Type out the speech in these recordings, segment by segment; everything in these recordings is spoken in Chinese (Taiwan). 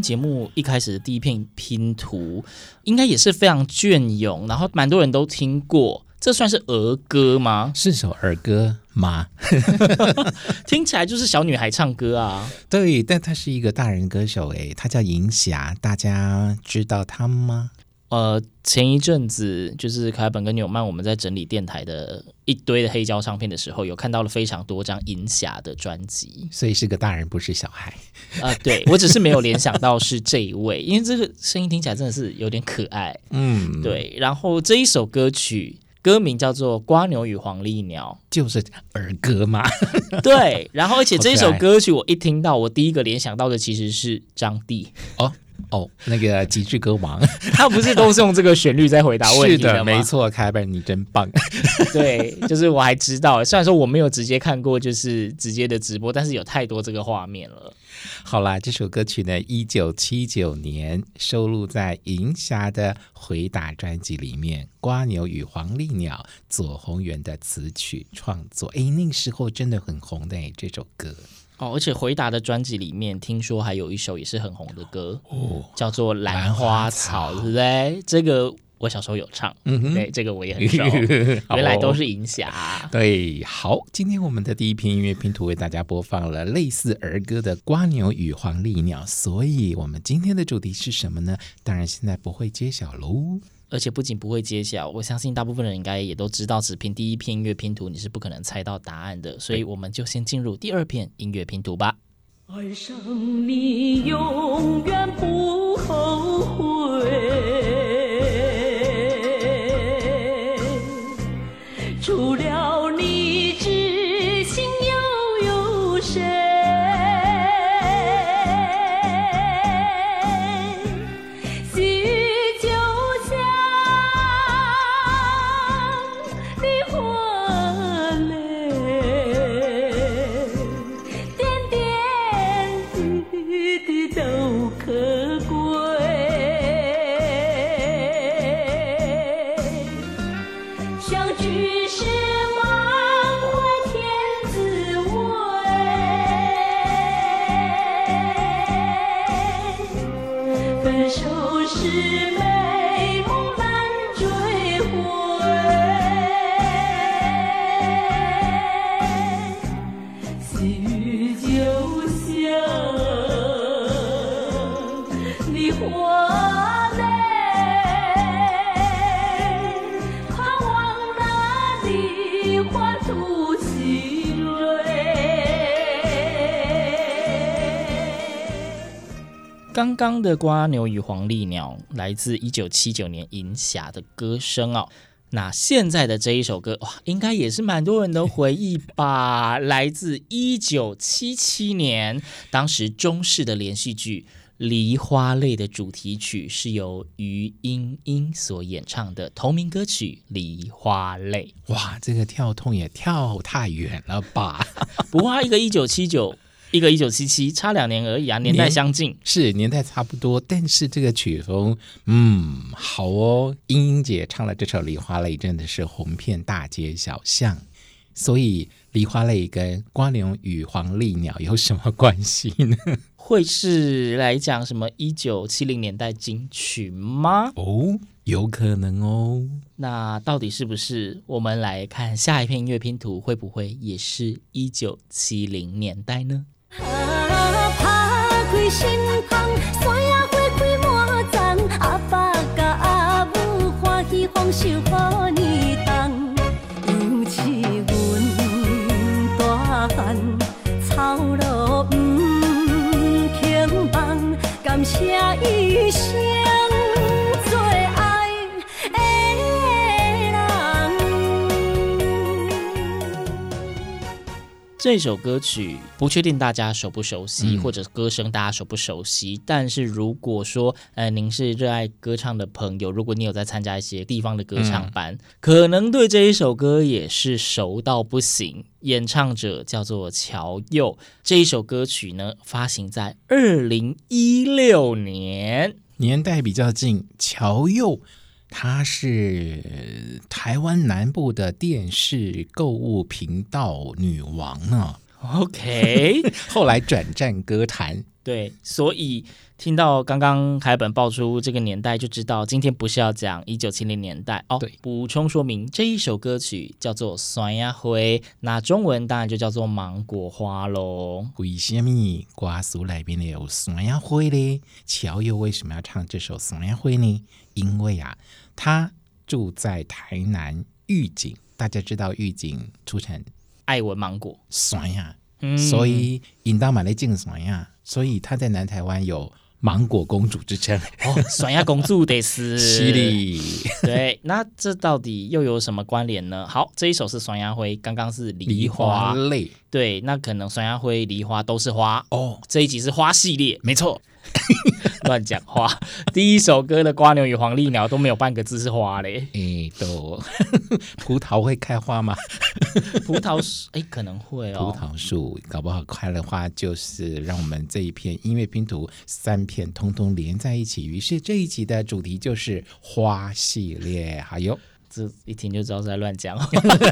節目一開始的第一片拼圖，應該也是非常雋永，然後蠻多人都聽過。這算是兒歌嗎？是首兒歌嗎？ 聽起來就是小女孩唱歌啊。對，但她是一個大人歌手誒，她叫銀霞，大家知道她嗎？呃，前一陣子就是凱本跟紐曼，我們在整理電台的一堆的黑膠唱片的時候，有看到了非常多張銀霞的專輯，所以是個大人不是小孩啊，呃。對，我只是沒有聯想到是這一位， 因為這個聲音聽起來真的是有點可愛。嗯，對。然後這一首歌曲歌名叫做《蝸牛與黃鸝鳥》，就是兒歌嘛。 對。然後而且這一首歌曲我一聽到，我第一個聯想到的其實是張帝哦。哦，那個《極致歌王》， 他不是都是用這個旋律在回答問題的嗎？ 是的沒錯，凱文，你真棒。 對，就是我還知道，雖然說我沒有直接看過，就是直接的直播，但是有太多這個畫面了。好啦，這首歌曲呢，一九七九年收錄在銀霞的《回答》專輯裡面，《蝸牛與黃鸝鳥》，左宏元的詞曲創作。哎，那個、時候真的很紅哎，這首歌。哦，而且回答的專輯裡面，聽說還有一首也是很紅的歌，哦、叫做《蘭花草》嘞。這個我小時候有唱，嗯哼，對，這個我也很熟。嗯、哼原來都是銀霞，哦。對，好，今天我們的第一篇音樂拼圖為大家播放了類似兒歌的《蝸牛與黃鸝鳥》，所以我們今天的主題是什麼呢？當然現在不會揭曉嘍。而且不僅不會揭曉，我相信大部分人應該也都知道，只憑第一篇音樂拼圖你是不可能猜到答案的。所以，我們就先進入第二篇音樂拼圖吧。愛上你，永遠不後悔。花蕾，怕往哪裡花吐新蕊。剛剛的《蝸牛與黃鸝鳥》來自一九七九年銀霞的歌聲哦。那現在的這一首歌哇，應該也是蠻多人的回憶吧？ 來自一九七七年，當時中視的連續劇。《梨花淚》的主題曲是由於鶯鶯所演唱的同名歌曲《梨花淚》。哇，這個跳通也跳太遠了吧？ 不過一個一九七九，一個一九七七，差兩年而已啊，年代相近，年是年代差不多，但是這個曲風，嗯，好哦，鶯鶯姐唱了這首《梨花淚》真的是紅遍大街小巷。所以，梨花淚跟《蝸牛與黃鸝鳥》有什麼關係呢？會是來講什麼一九七零年代金曲嗎？哦，有可能哦。那到底是不是？我們來看下一片音樂拼圖，會不會也是一九七零年代呢？啊，怕這首歌曲不確定大家熟不熟悉，嗯、或者歌聲大家熟不熟悉。但是如果說，呃，您是熱愛歌唱的朋友，如果你有在參加一些地方的歌唱班，嗯、可能對這一首歌也是熟到不行。演唱者叫做喬佑，這一首歌曲呢發行在二零一六年，年代比較近。喬佑。她是台灣南部的電視購物頻道女王呢。OK， 後來轉戰歌壇。對，所以聽到剛剛台本爆出這個年代，就知道今天不是要講一九七零年代哦。對，補充說明，這一首歌曲叫做《酸呀灰》，那中文當然就叫做芒果花嘍。為什麼瓜叔裡面有酸呀灰嘞？喬又為什麼要唱這首酸呀灰呢？因為啊，他住在台南玉井，大家知道玉井出產愛文芒果，酸呀、啊。嗯、所以，引到馬來進雙雅，所以她在南台灣有芒果公主之稱。 哦，雙雅公主的是哩，是的，對。那這到底又有什麼關聯呢？好，這一首是雙雅灰，剛剛是梨花淚，梨花對。那可能雙雅灰、梨花都是花哦。這一集是花系列，沒錯。 亂講話！第一首歌的蝸牛與黃鸝鳥都沒有半個字是花嘞。哎，都，葡萄會開花嗎？ 葡萄樹哎，可能會哦。葡萄樹搞不好開的花，就是讓我們這一片音樂拼圖三片通通連在一起。於是這一集的主題就是花系列。還有這一聽就知道是在亂講，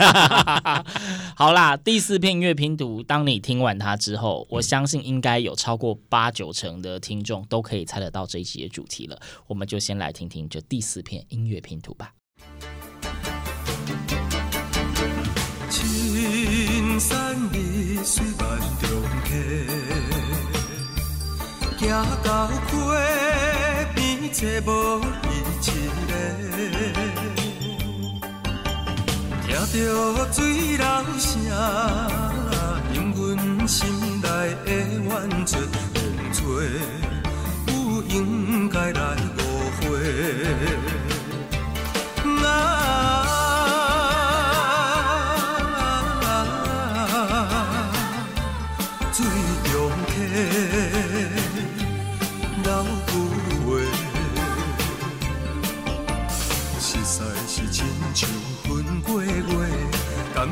好啦，第四片音樂拼圖，當你聽完它之後，我相信應該有超過八九成的聽眾都可以猜得到這一集的主題了。我們就先來聽聽這第四片音樂拼圖吧。青山綠水萬重溪，走到溪邊坐無伊一個。聽着水流聲，將阮心內的怨嗟，當作不應該來誤會。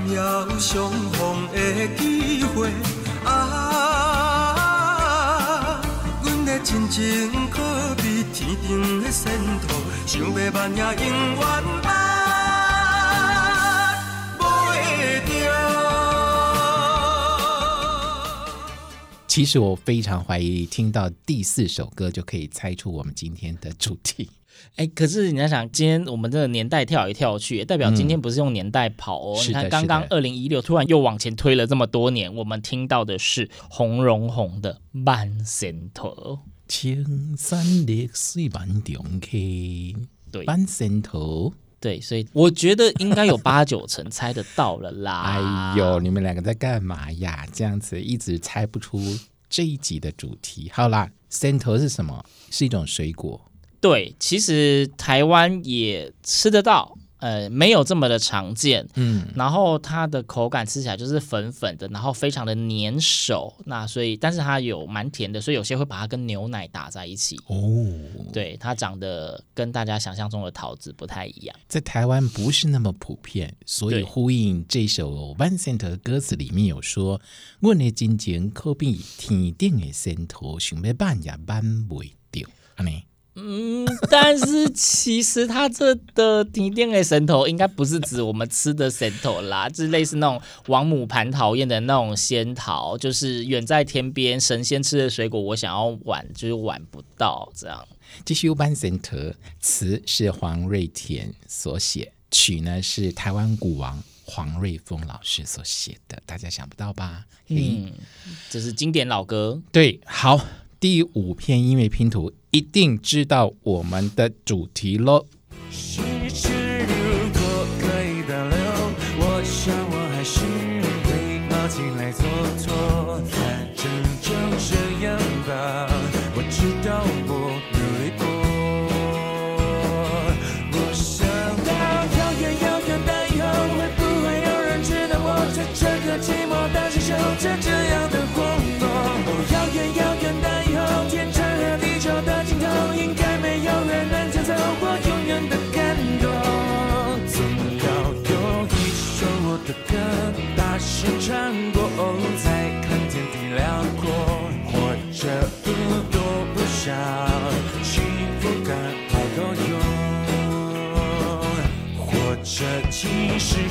其實我非常懷疑，聽到第四首歌就可以猜出我們今天的主題。哎，可是你要想，想，今天我們這個年代跳一跳去，也代表今天不是用年代跑哦。嗯，你看，剛剛二零一六突然又往前推了這麼多年，的我們聽到的是紅彤紅的半仙頭，青山綠水半張開，對，半仙頭，對，所以我覺得應該有八九成猜得到了啦。 哎喲，你們兩個在幹嘛呀？這樣子一直猜不出這一集的主題。好啦，仙頭是什麼？是一種水果。對，其實台灣也吃得到，呃，沒有這麼的常見。嗯，然後它的口感吃起來就是粉粉的，然後非常的粘手。那所以，但是它有蠻甜的，所以有些會把它跟牛奶打在一起。哦，對，它長得跟大家想象中的桃子不太一樣，在台灣不是那麼普遍，所以呼應這首 Vincent 的歌詞裡面有說：問你真情可比天頂的仙桃，想辦也辦不到。嗯，但是其實他這的“停電的神桃”應該不是指我們吃的神桃啦，就是類似那種王母蟠桃宴的那種仙桃，就是遠在天邊神仙吃的水果，我想要玩就是玩不到這樣。繼續有板神桃詞是黃瑞田所寫，曲呢是台灣鼓王黃瑞豐老師所寫的，大家想不到吧？嗯，這是經典老歌，對，好。第五篇音樂拼圖，一定知道我們的主題咯。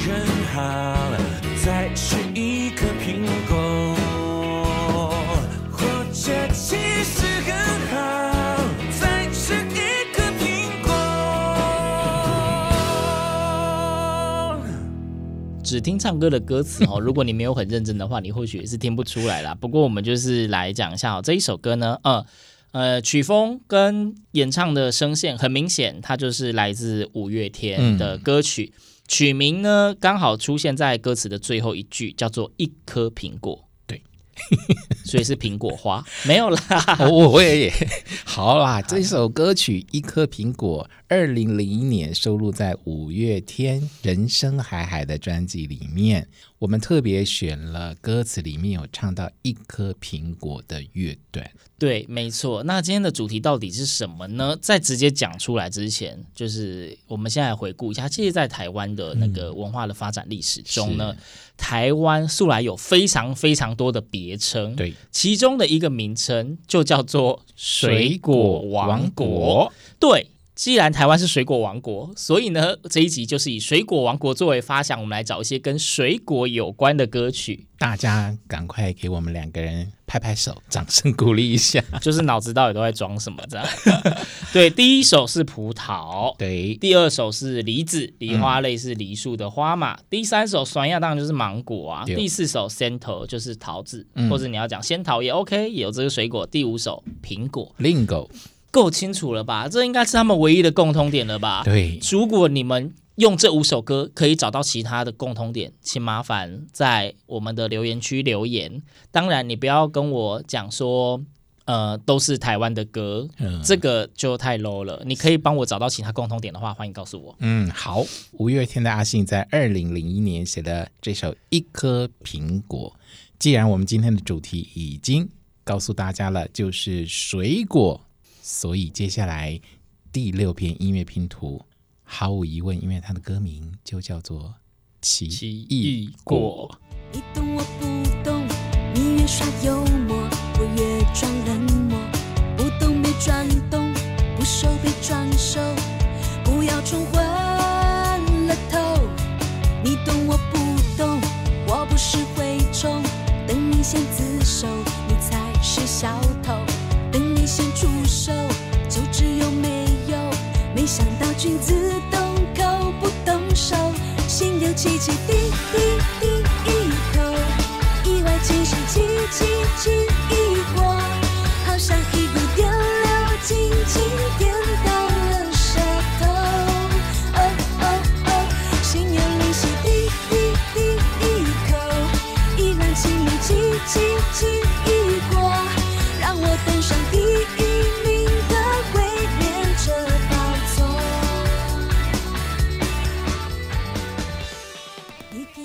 很好，再吃一個蘋果，或者其實很好，再吃一個蘋果。只聽唱歌的歌詞哦，如果你沒有很認真的話，你或許也是聽不出來啦。不過我們就是來講一下哦，這一首歌呢，呃，呃，曲風跟演唱的聲線很明顯，它就是來自五月天的歌曲。嗯。曲名呢剛好出現在歌詞的最後一句，叫做“一顆蘋果”，對，所以是蘋果花， 沒有啦，也 也、oh, 好啦、啊， 這首歌曲《一顆蘋果》二零零一年收錄在五月天《人生海海》的專輯裡面。我們特別選了歌詞裡面有唱到一顆蘋果的樂隊。對，沒錯。那今天的主題到底是什麼呢？在直接講出來之前，就是我們現在回顧一下，其實，在台灣的那個文化的發展歷史中呢，嗯、台灣素來有非常非常多的別稱，對，其中的一個名稱就叫做水果王國，水果王國，對。既然台灣是水果王國，所以呢，這一集就是以水果王國作為發想，我們來找一些跟水果有關的歌曲。大家趕快給我們兩個人拍拍手，掌聲鼓勵一下。就是腦子到底都在裝什麼這樣 對，第一首是葡萄，對；第二首是梨子，梨花類似梨樹的花嘛。嗯、第三首酸，當然就是芒果啊。對第四首 center 就是桃子，嗯、或者你要講仙桃也 OK，也有這個水果。第五首蘋果，lingo。夠清楚了吧？這應該是他們唯一的共通點了吧？對，如果你們用這五首歌可以找到其他的共通點，請麻煩在我們的留言區留言。當然，你不要跟我講說，呃，都是台灣的歌，嗯、這個就太 low 了。你可以幫我找到其他共通點的話，歡迎告訴我。嗯，好，五月天的阿信在二零零一年寫的這首《一顆蘋果》，既然我們今天的主題已經告訴大家了，就是水果。所以接下來第六篇音樂拼圖，毫無疑問，因為它的歌名就叫做《奇異果》。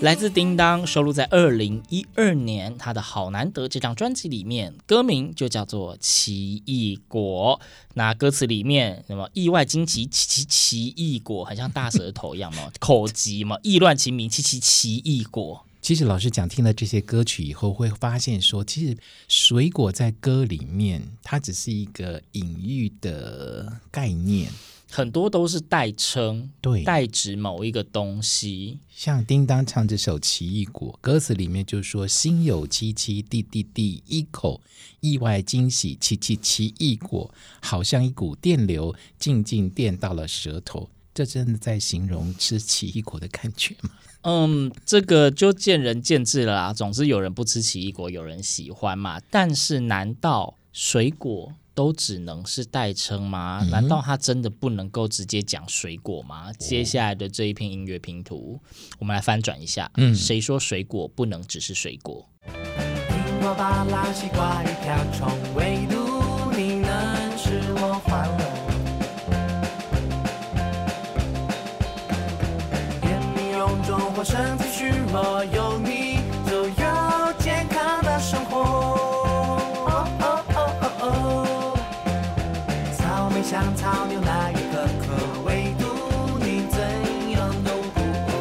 來自叮當，收錄在二零一二年他的《好難得》這張專輯裡面，歌名就叫做《奇異果》。那歌詞裡面什麼意外驚奇奇，奇奇奇異果，很像大舌頭一樣嘛， 口急嘛，意亂情迷奇奇，奇奇奇異果。其實老師講，聽了這些歌曲以後，會發現說，其實水果在歌裡面，它只是一個隱喻的概念。嗯很多都是代稱，對，代指某一個東西。像叮當唱這首《奇異果》，歌詞裡面就說：“心有戚戚，滴滴滴一口意外驚喜，七七奇異果，好像一股電流，靜靜電到了舌頭。”這真的在形容吃奇異果的感覺嗎？嗯，這個就見仁見智了啦。總是有人不吃奇異果，有人喜歡嘛。但是，難道水果？都只能是代稱嗎？嗯，難道他真的不能夠直接講水果嗎？哦，接下來的這一篇音樂拼圖，我們來翻轉一下。嗯，誰說水果不能只是水果？嗯香草、牛奶與可可，唯獨你怎樣都符合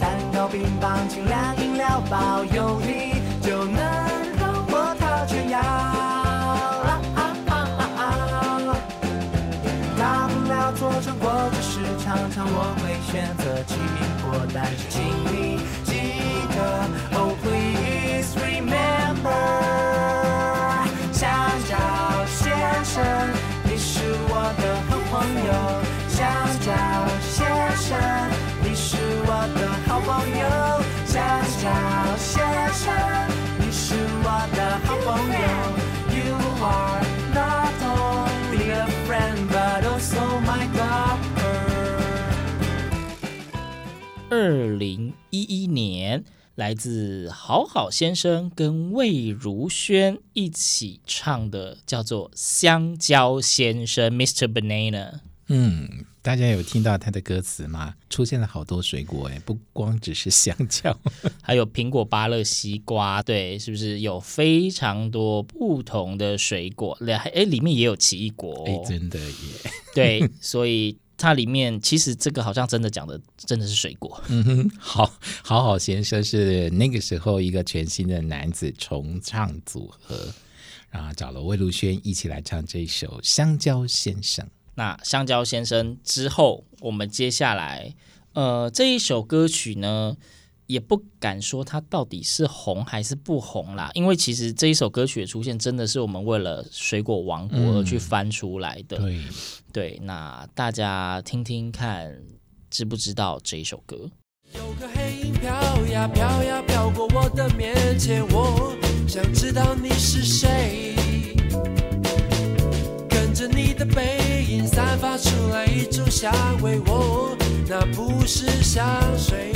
蛋糕、冰棒、清涼飲料保佑，保有你就能讓我掏全腰。啊啊啊啊啊！啊啊啊大不了做成果子時，常常我會選擇吃蘋果代替。二零一一年，來自好好先生跟魏如萱一起唱的，叫做《香蕉先生》（Mr. Banana）。嗯，大家有聽到他的歌詞嗎？出現了好多水果哎、欸，不光只是香蕉， 還有蘋果、芭樂、西瓜，對，是不是有非常多不同的水果？欸、裡面也有奇異果。哎、欸，真的耶。 對，所以。它裡面其實這個好像真的講的真的是水果，嗯哼，好好好先生是那個時候一個全新的男子重唱組合，然後找了魏如萱一起來唱這一首香蕉先生。那香蕉先生之後，我們接下來呃這一首歌曲呢？也不敢說它到底是紅還是不紅啦，因為其實這一首歌曲的出現真的是我們為了水果王國而去翻出來的，嗯、對，對那大家聽聽看知不知道這一首歌，有個黑影飄呀飄呀飄過我的面前，我想知道你是誰，跟著你的背影散發出來一種香味，我那不是香水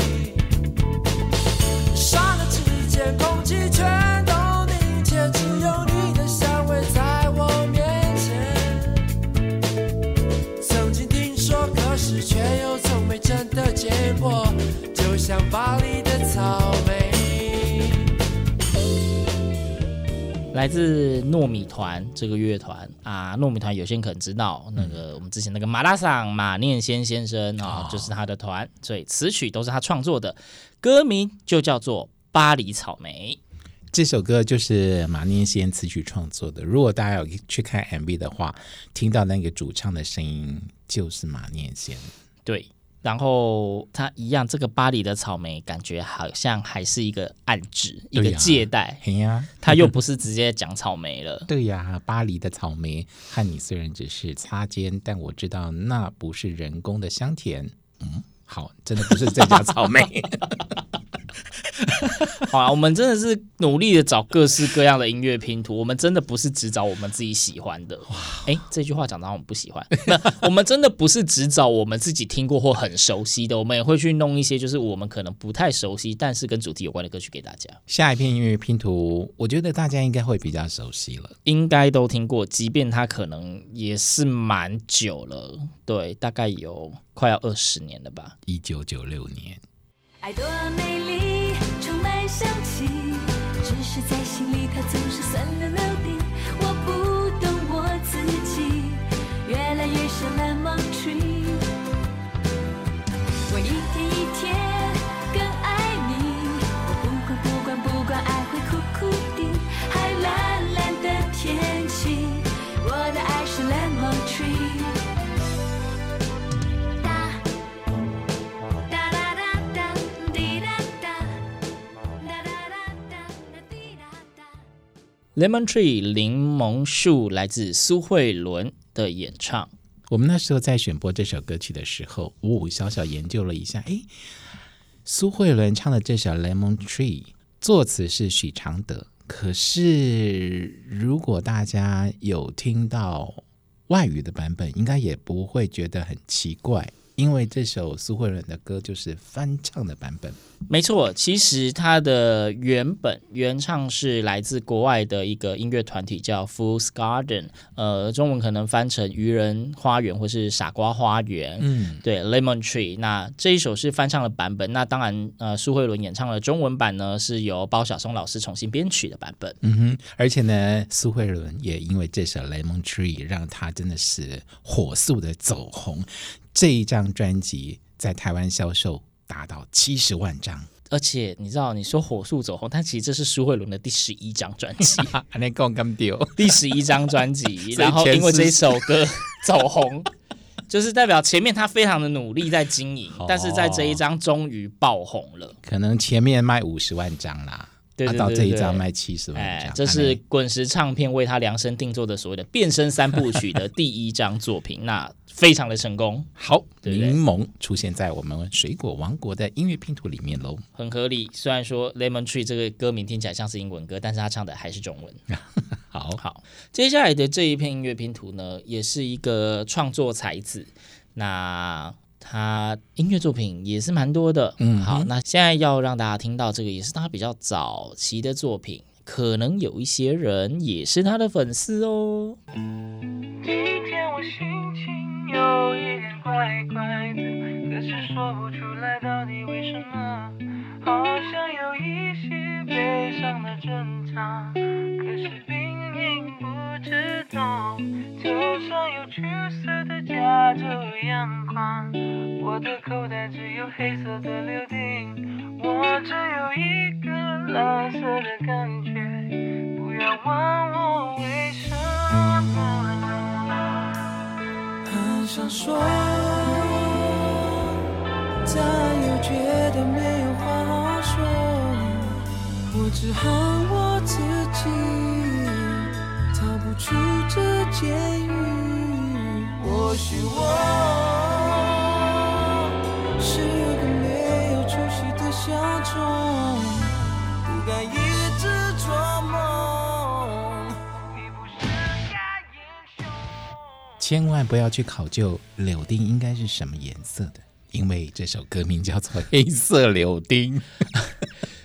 空氣全都凝結，來自糯米團這個樂團啊，糯米團有些人可能知道，那個我們之前那個馬拉桑馬念先先生啊、喔，就是他的團，所以詞曲都是他創作的，歌名就叫做巴黎草莓，這首歌就是馬念先詞曲創作的。如果大家有去看 MV 的話，聽到那個主唱的聲音就是馬念先。對，然後他一樣，這個巴黎的草莓感覺好像還是一個暗指，一個借代。啊啊、他又不是直接講草莓了。 對呀、啊，巴黎的草莓和你雖然只是擦肩，但我知道那不是人工的香甜。嗯。好，真的不是這家草莓。 好啊，我們真的是努力的找各式各樣的音樂拼圖。我們真的不是只找我們自己喜歡的。哎、欸，這句話講得好像我們不喜歡。我們真的不是只找我們自己聽過或很熟悉的。我們也會去弄一些，就是我們可能不太熟悉，但是跟主題有關的歌曲給大家。下一片音樂拼圖，我覺得大家應該會比較熟悉了，應該都聽過，即便它可能也是蠻久了。對，大概有快要二十年了吧，一九九六年。愛多美麗充滿 Lemon Tree 檸檬樹來自蘇慧倫的演唱。我們那時候在選播這首歌曲的時候，五、哦、五小小研究了一下，誒，蘇慧倫唱的這首 Lemon Tree，作詞是許常德。可是如果大家有聽到外語的版本，應該也不會覺得很奇怪。因為這首蘇慧倫的歌就是翻唱的版本，沒錯。其實它的原本原唱是來自國外的一個音樂團體，叫 Fools Garden，呃，中文可能翻成愚人花園或是傻瓜花園。嗯，對，Lemon Tree。那這一首是翻唱的版本。那當然，呃，蘇慧倫演唱的中文版呢，是由包小松老師重新編曲的版本。嗯哼。而且呢，蘇慧倫也因為這首 Lemon Tree，讓她真的是火速的走紅。這一張專輯在台灣銷售達到七十萬張，而且你知道，你說火速走紅，但其實這是蘇慧倫的第十一張專輯， 這說第十一張專輯， 然後因為這首歌走紅，四 就是代表前面他非常的努力在經營，哦，但是在這一張終於爆紅了，可能前面賣五十萬張啦。對，他到這一張賣七十萬。這是滾石唱片為他量身定做的所謂的“變身三部曲”的第一張作品， 那非常的成功。好，對對檸檬出現在我們水果王國的音樂拼圖裡面嘍，很合理。雖然說《Lemon Tree》這個歌名聽起來像是英文歌，但是他唱的還是中文。 好好，接下來的這一片音樂拼圖呢，也是一個創作才子，那。他音樂作品也是蠻多的，嗯哼，好，那現在要讓大家聽到這個也是他比較早期的作品，可能有一些人也是他的粉絲哦。今天我心情有一點怪怪的，可是說不出來到底千萬不要去考究柳丁應該是什麼顏色的，因為這首歌名叫做《黑色柳丁》。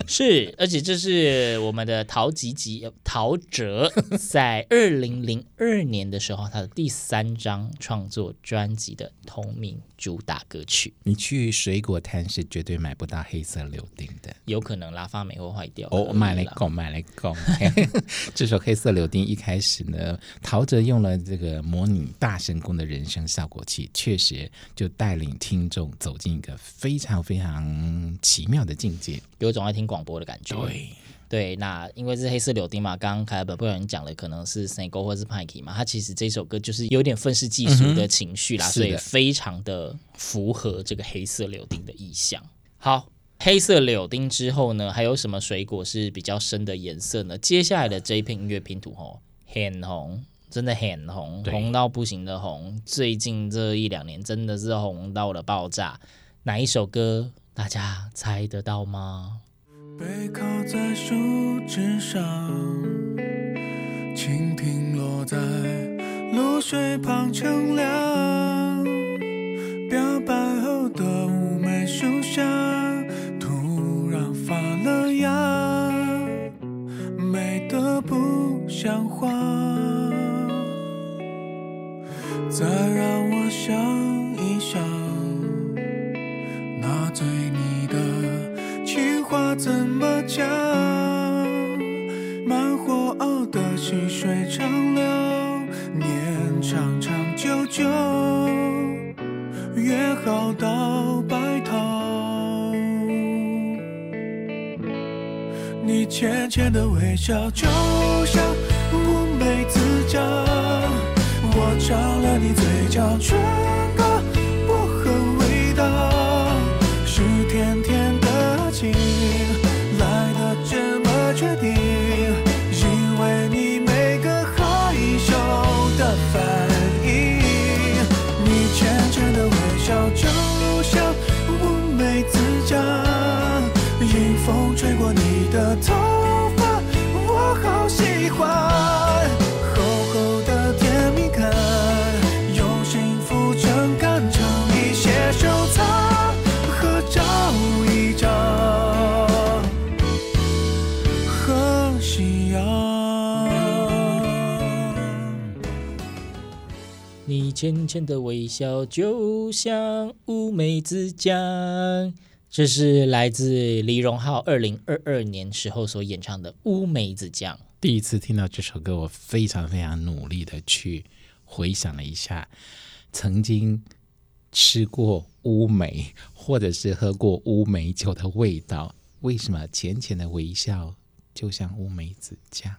是，而且這是我們的陶吉吉，陶喆在二零零二年的時候， 他的第三張創作專輯的同名主打歌曲。你去水果攤是絕對買不到黑色柳丁的，有可能拉，發霉會壞掉。哦、oh, 嗯，買來搞，買來搞。這首《黑色柳丁》一開始呢，陶喆用了這個模擬大神功的人聲效果器，確實就帶領聽眾走進一個非常非常奇妙的境界。比如總愛聽廣。播的感覺對，對對，那因為是黑色柳丁嘛，剛剛凱爾本布人講的可能是 Snake 或是 Panky 嘛，他其實這首歌就是有點憤世嫉俗的情緒啦，嗯、所以非常的符合這個黑色柳丁的意象。好，黑色柳丁之後呢，還有什麼水果是比較深的顏色呢？接下來的這一片音樂拼圖吼、哦，很紅，真的很紅，對紅到不行的紅，最近這一兩年真的是紅到了爆炸，哪一首歌大家猜得到嗎？背靠在樹枝上，蜻蜓落在露水旁乘涼。表白後的烏梅樹下，土壤發了芽，美得不像話。再讓我。像慢火熬的細水長流，年長長久久，約好到白頭。你淺淺的微笑，就像烏梅子醬，我嘗了你嘴角唇膏。吹過你的頭髮，我好喜歡厚厚的甜蜜感，用幸福秤桿，秤一些收藏合照一張和夕陽。你淺淺的微笑，就像烏梅子醬。這是來自李榮浩二零二二年時候所演唱的《烏梅子醬》。第一次聽到這首歌，我非常非常努力的去回想了一下，曾經吃過烏梅或者是喝過烏梅酒的味道。為什麼淺淺的微笑就像烏梅子醬？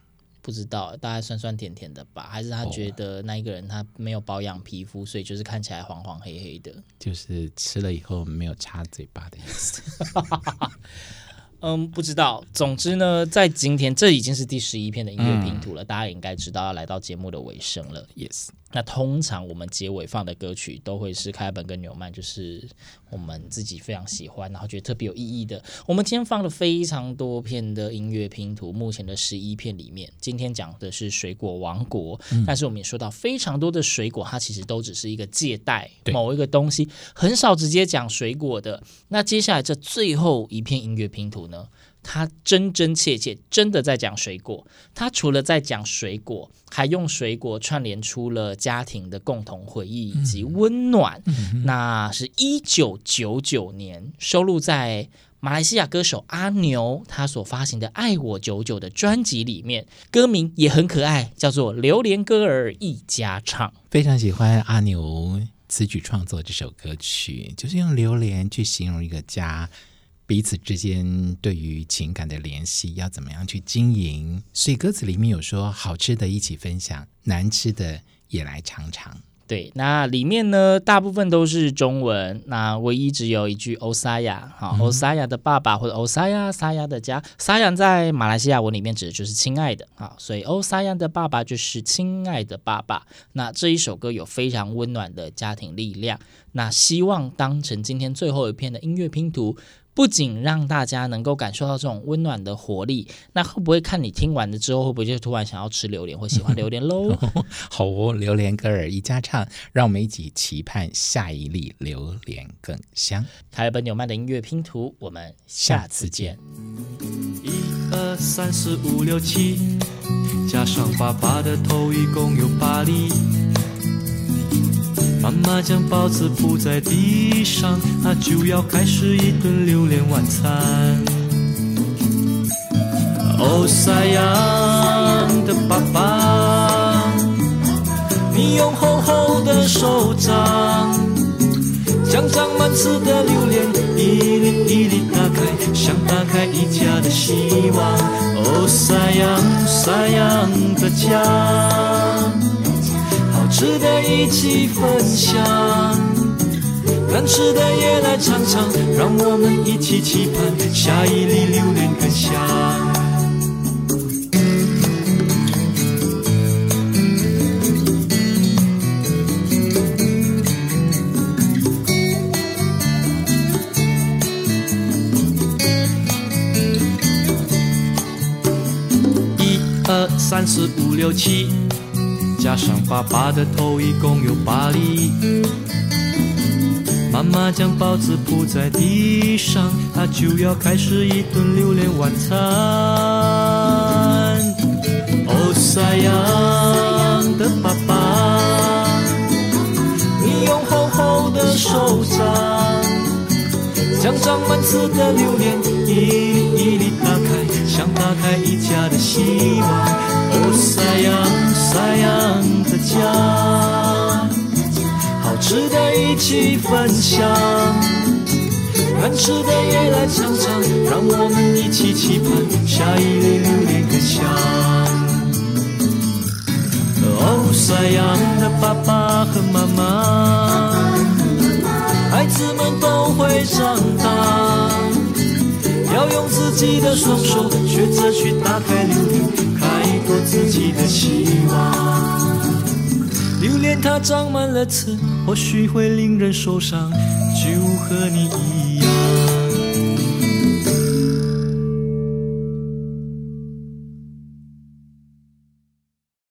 不知道，大概酸酸甜甜的吧？還是他覺得那一個人他沒有保養皮膚，Oh. 所以就是看起來黃黃黑黑的？就是吃了以後沒有擦嘴巴的意思？ 嗯，不知道。總之呢，在今天，這已經是第十一篇的音樂拼圖了，嗯、大家也應該知道要來到節目的尾聲了。Yes。那通常我們結尾放的歌曲都會是開本跟紐曼，就是我們自己非常喜歡，然後覺得特別有意義的。我們今天放了非常多片的音樂拼圖，目前的十一片裡面，今天講的是水果王國，但是我們也說到非常多的水果，它其實都只是一個借代某一個東西，很少直接講水果的。那接下來這最後一片音樂拼圖呢？他真真切切，真的在講水果。他除了在講水果，還用水果串聯出了家庭的共同回憶以及溫暖。嗯嗯嗯、那是一九九九年收錄在馬來西亞歌手阿牛他所發行的《愛我久久》的專輯裡面，歌名也很可愛，叫做《榴蓮歌兒一家唱》。非常喜歡阿牛詞曲創作這首歌曲，就是用榴蓮去形容一個家。彼此之間對於情感的聯繫要怎麼樣去經營？所以歌詞裡面有說，好吃的一起分享，難吃的也來嚐嚐。對，那裡面呢，大部分都是中文，那唯一只有一句歐、哦、s a y 歐啊 o 的爸爸或者歐 s a y 撒亞的家，“撒養在馬來西亞文裡面指的就是親愛的啊、哦，所以歐 s a 的爸爸就是親愛的爸爸。那這一首歌有非常溫暖的家庭力量，那希望當成今天最後一片的音樂拼圖。不僅讓大家能夠感受到這種溫暖的活力，那會不會看你聽完了之後，會不會就突然想要吃榴蓮或喜歡榴蓮嘍？好哦，榴蓮歌兒一家唱，讓我們一起期盼下一粒榴蓮更香。台北紐曼的音樂拼圖，我們下次見。下次見一二三四五六七，加上爸爸的頭，一共有八粒。媽媽將包子鋪在地上，她就要開始一頓榴蓮晚餐。哦，沙揚的爸爸，你用厚厚的手掌，將長滿刺的榴蓮一粒一粒打開，想打開一家的希望。哦，沙揚，沙揚的家。值得一起分享，難吃的也來嘗嘗，讓我們一起期盼下一粒榴蓮更香。一二三四五六七。加上爸爸的頭，一共有八粒。媽媽將包子鋪在地上，他就要開始一頓榴蓮晚餐。哦，塞洋的爸爸，你用厚厚的手掌，將裝滿刺的榴蓮一，一粒一粒打開。想打開一家的希望，哦撒羊，撒羊的家，好吃的一起分享，難吃的也來嚐嚐，讓我們一起期盼下一年又一個的夏。哦，撒羊的爸爸和媽媽，孩子們都會長大。要用自己的雙手，學着去打開榴槤，開拓自己的希望。榴槤它長滿了刺，或許會令人受傷，就和你一樣。一